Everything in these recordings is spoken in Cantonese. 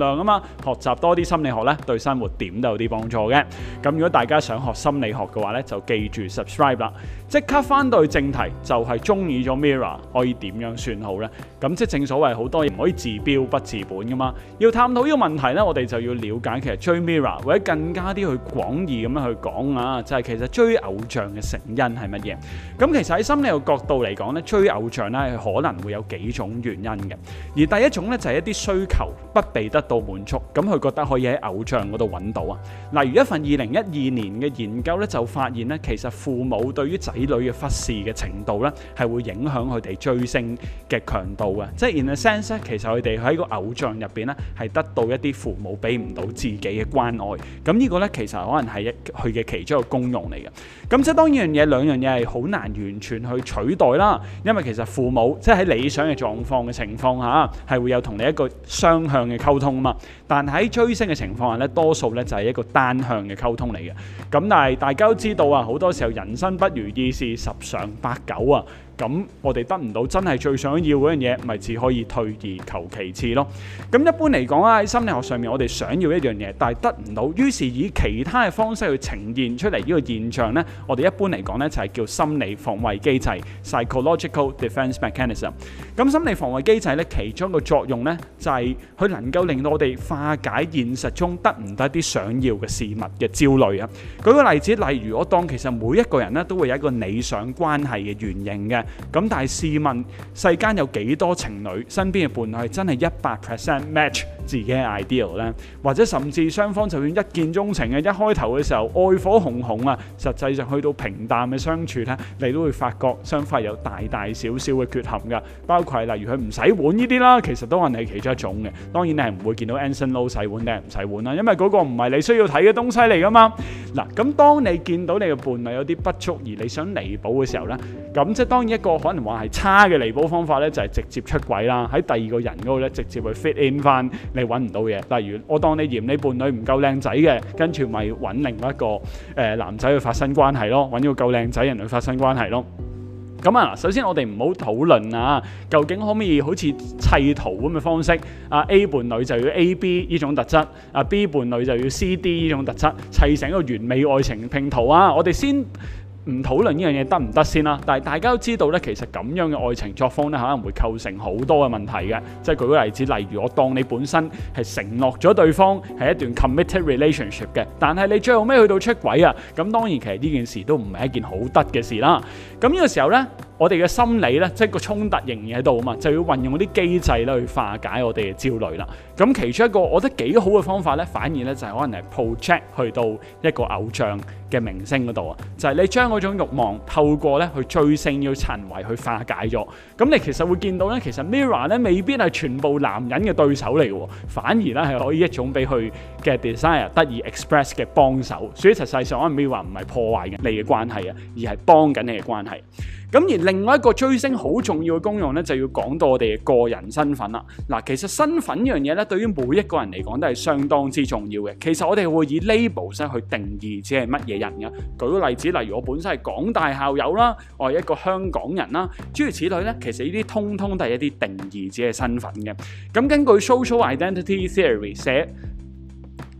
量啊嘛，學習多啲心理學呢，對生活點都有啲幫助嘅。咁如果大家想學心理學嘅話呢，就記住 subscribe 啦。即刻翻到去正題，就係鍾意咗 Mirror 可以點樣算好呢？咁即係正所謂好多嘢唔可以治標不治本噶嘛。要探討呢個問題呢，我哋就要了解其實追 Mirror 或者更加啲去廣義咁樣去講啊，就係其實追偶像嘅成因係乜嘢？咁其實喺心理學角度嚟講呢，追偶像呢可能會有幾種原因嘅。而第一種呢就係一啲需求不被得到滿足，咁佢覺得可以喺偶像嗰度揾到啊。例如一份二零一二年嘅研究咧，就發現咧，其實父母對於仔女嘅忽視嘅程度咧，係會影響佢哋追星嘅強度嘅。即係 in a sense 咧，其實佢哋喺個偶像入邊咧，係得到一啲父母俾唔到自己嘅關愛。咁呢個咧，其實可能係一佢嘅其中一個功用嚟嘅。咁即係當然樣嘢，兩樣嘢係好難完全去取代啦。因為其實父母即係喺理想嘅狀況嘅情況下，係會有同你一個雙向嘅溝通。但喺追星嘅情況下咧，多數咧就係一個單向嘅溝通嚟嘅。咁但係大家都知道啊，好多時候人生不如意事十常八九啊。咁我哋得唔到真係最想要嗰樣嘢，咪只可以退而求其次咯。咁一般嚟講咧，喺心理學上面，我哋想要一樣嘢，但係得唔到，於是以其他嘅方式去呈現出嚟呢個現象咧，我哋一般嚟講咧就係叫心理防衛機制 （psychological defense mechanism）。咁心理防衛機制咧，其中一個作用咧就係佢能夠令到我哋化解現實中得唔得一啲想要嘅事物嘅焦慮啊。舉個例子，例如我當其實每一個人咧都會有一個理想關係嘅原型嘅。咁但係試問，世間有幾多情侶身邊嘅伴侶係真係一百 percent match？自己嘅 ideal 咧，或者甚至雙方就算一見鍾情嘅一開頭嘅時候愛火熊熊啊，實際上去到平淡嘅相處咧，你都會發覺雙方有大大小小嘅缺陷噶，包括例如佢唔洗碗呢啲啦，其實都係你係其中一種嘅。當然你係唔會見到 Anson Lo 洗碗定係唔洗碗啦，因為嗰個唔係你需要睇嘅東西嚟噶嘛。嗱，咁當你見到你嘅伴侶有啲不足而你想彌補嘅時候咧，咁即係當然一個可能話係差嘅彌補方法咧，就係、是、直接出軌啦，喺第二個人嗰度咧直接去 fit in 翻。係揾唔到嘢，例如我當你嫌你伴侶唔夠靚仔嘅，跟住咪揾另外一個誒、呃、男仔去發生關係咯，揾一個夠靚仔人去發生關係咯。咁啊，首先我哋唔好討論啊，究竟可唔可以好似砌圖咁嘅方式啊？A 伴侶就要 A B 呢種特質，啊 B 伴侶就要 C D 呢種特質，砌成一個完美愛情拼圖啊！我哋先。唔討論呢樣嘢得唔得先啦，但係大家都知道咧，其實咁樣嘅愛情作風咧，可能會構成好多嘅問題嘅。即係舉個例子，例如我當你本身係承諾咗對方係一段 committed relationship 嘅，但係你最後尾去到出軌啊，咁當然其實呢件事都唔係一件好得嘅事啦。咁呢個時候咧，我哋嘅心理咧，即係個衝突仍然喺度啊嘛，就要運用啲機制咧去化解我哋嘅焦慮啦。咁其中一個我覺得幾好嘅方法咧，反而咧就係可能係 project 去到一個偶像嘅明星嗰度啊，就係你將嗰種慾望透過咧去追星要陳為去化解咗。咁你其實會見到咧，其實 Mirror 咧未必係全部男人嘅對手嚟嘅，反而咧係可以一種俾佢嘅 desire 得以 express 嘅幫手。所以實際上可能 Mirror 唔係破壞嘅你嘅關係啊，而係幫緊你嘅關係。咁而另外一個追星好重要嘅功用咧，就要講到我哋嘅個人身份啦。嗱，其實身份呢樣嘢咧，對於每一個人嚟講都係相當之重要嘅。其實我哋會以 labels 咧去定義自己係乜嘢人嘅。舉個例子，例如我本身係港大校友啦，我係一個香港人啦，諸如此類咧。其實呢啲通通都係一啲定義自己嘅身份嘅。咁根據 social identity theory 寫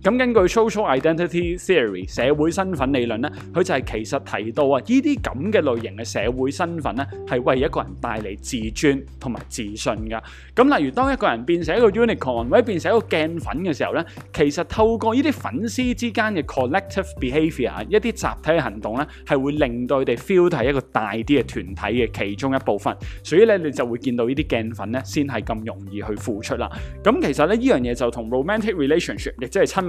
咁根據 social identity theory 社會身份理論咧，佢就係其實提到啊，呢啲咁嘅類型嘅社會身份咧，係為一個人帶嚟自尊同埋自信噶。咁例如當一個人變成一個 unicorn，或者變成一個鏡粉嘅時候咧，其實透過呢啲粉絲之間嘅 collective behaviour 一啲集體行動咧，係會令到佢哋 feel 係一個大啲嘅團體嘅其中一部分。所以咧，你就會見到呢啲鏡粉咧，先係咁容易去付出啦。咁其實咧，呢樣嘢就同 romantic relationship 亦即係親密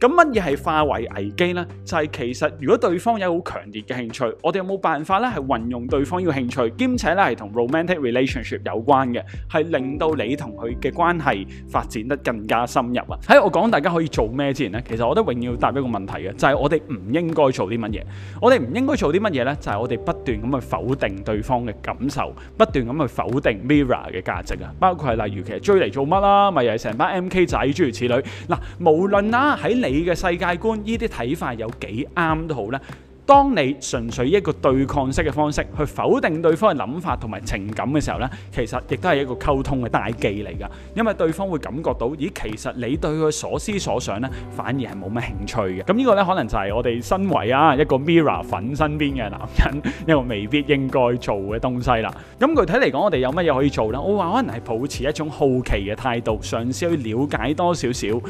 咁乜嘢係化為危機呢？就係其實如果對方有好強烈嘅興趣，我哋有冇辦法呢係運用對方呢個興趣，兼且呢係同 romantic relationship 有關嘅，係令到你同佢嘅關係發展得更加深入啊！喺我講大家可以做咩之前呢，其實我覺得永遠要答一個問題嘅，就係我哋唔應該做啲乜嘢。我哋唔應該做啲乜嘢呢？就係我哋不斷咁去否定對方嘅感受，不斷咁去否定 mirror 嘅價值啊！包括係例如其實追嚟做乜啦，咪又係成班 MK 仔諸如此類。嗱，無論啦喺你，你嘅世界觀呢啲睇法有幾啱都好啦。當你純粹一個對抗式嘅方式去否定對方嘅諗法同埋情感嘅時候呢，其實亦都係一個溝通嘅大忌嚟噶。因為對方會感覺到，咦，其實你對佢所思所想呢，反而係冇乜興趣嘅。咁呢個呢，可能就係我哋身為啊一個 Mirror 粉身邊嘅男人一個未必應該做嘅東西啦。咁具體嚟講，我哋有乜嘢可以做呢？我話可能係保持一種好奇嘅態度，嘗試去了解多少少誒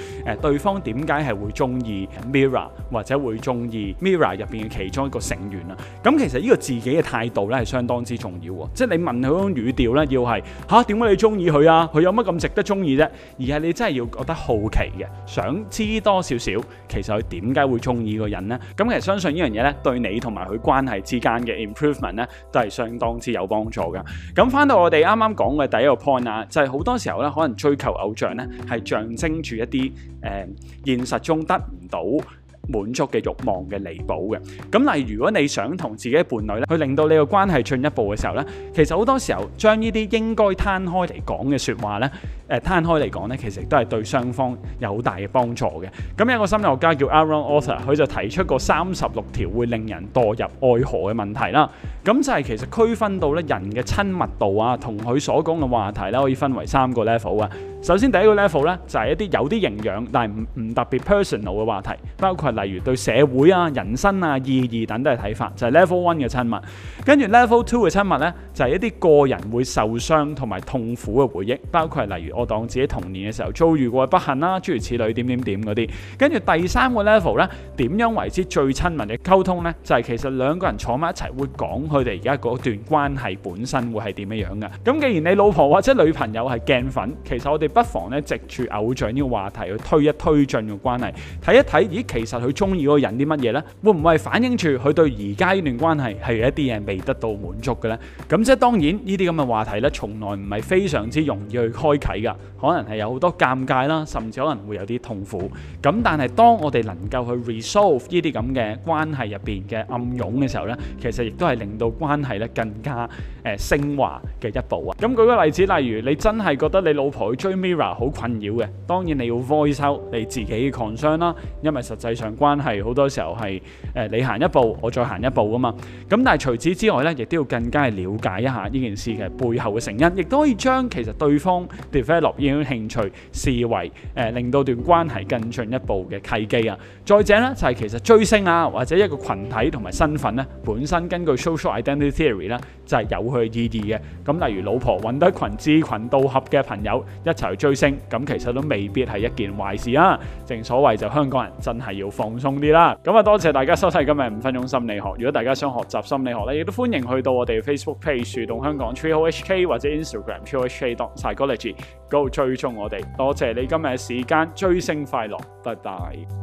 對方點解係會中意 Mirror 或者會中意 Mirror 入邊嘅中一個成員啊，咁其實呢個自己嘅態度咧係相當之重要喎，即係你問佢嗰種語調咧要係吓，點解你中意佢啊？佢有乜咁值得中意啫？而係你真係要覺得好奇嘅，想知多少少，其實佢點解會中意個人呢。咁其實相信呢樣嘢咧，對你同埋佢關係之間嘅 improvement 咧，都係相當之有幫助噶。咁翻到我哋啱啱講嘅第一個 point 啊，就係、是、好多時候咧，可能追求偶像咧係象徵住一啲誒、呃，現實中得唔到，滿足嘅慾望嘅彌補嘅，咁例如如果你想同自己嘅伴侶咧，去令到你嘅關係進一步嘅時候呢，其實好多時候將呢啲應該攤開嚟講嘅説話呢。誒攤開嚟講咧，其實都係對雙方有好大嘅幫助嘅。咁有個心理學家叫 Aaron Author，佢就提出過三十六條會令人墮入愛河嘅問題啦。咁就係其實區分到咧人嘅親密度啊，同佢所講嘅話題咧，可以分為三個 level 啊。首先第一個 level 咧，就係、是、一啲有啲營養但係唔唔特別 personal 嘅話題，包括係例如對社會啊、人生啊、意義等都係睇法，就係、是、level one 嘅親密。跟住 level two 嘅親密咧，就係、是、一啲個人會受傷同埋痛苦嘅回憶，包括係例如我當自己童年嘅時候，遭遇過不幸啦，諸如此類點點點嗰啲，跟住第三個 level 咧，點樣為之最親密嘅溝通？咧？就係其實兩個人坐埋一齊，會講佢哋而家嗰段關係本身會係點樣樣噶。咁既然你老婆或者女朋友係鏡粉，其實我哋不妨咧藉住偶像呢個話題去推一推進個關係，睇一睇咦，其實佢中意嗰個人啲乜嘢咧？會唔會係反映住佢對而家呢段關係係有一啲嘢未得到滿足嘅咧？咁即係當然呢啲咁嘅話題咧，從來唔係非常之容易去開啟噶。可能係有好多尷尬啦，甚至可能會有啲痛苦。咁但係當我哋能夠去 resolve 呢啲咁嘅關係入邊嘅暗湧嘅時候呢，其實亦都係令到關係咧，更加誒昇華嘅一步啊。咁舉個例子，例如你真係覺得你老婆去追 Mirror 好困擾嘅，當然你要 voice out 你自己嘅 concern 啦。因為實際上關係好多時候係、呃、你行一步，我再行一步噶嘛。咁但係除此之外呢，亦都要更加係了解一下呢件事嘅背後嘅成因，亦都可以將其實對方 defend 落依樣興趣，視為、呃、令到段關係更進一步嘅契機啊！再者呢，就係、是、其實追星啊，或者一個群體同埋身份呢、啊，本身根據 social identity theory 呢、啊，就係、是、有佢意義嘅。咁、啊、例如老婆揾到一群志同道合嘅朋友一齊去追星，咁、啊、其實都未必係一件壞事啊！正所謂就香港人真係要放鬆啲啦。咁啊，多謝大家收睇今日五分鐘心理學。如果大家想學習心理學呢，亦都歡迎去到我哋 Facebook page 樹洞香港 Treehole HK 或者 Instagram Treehole HK Psychology。高追蹤我哋，多謝你今日嘅時間，追星快樂，拜拜。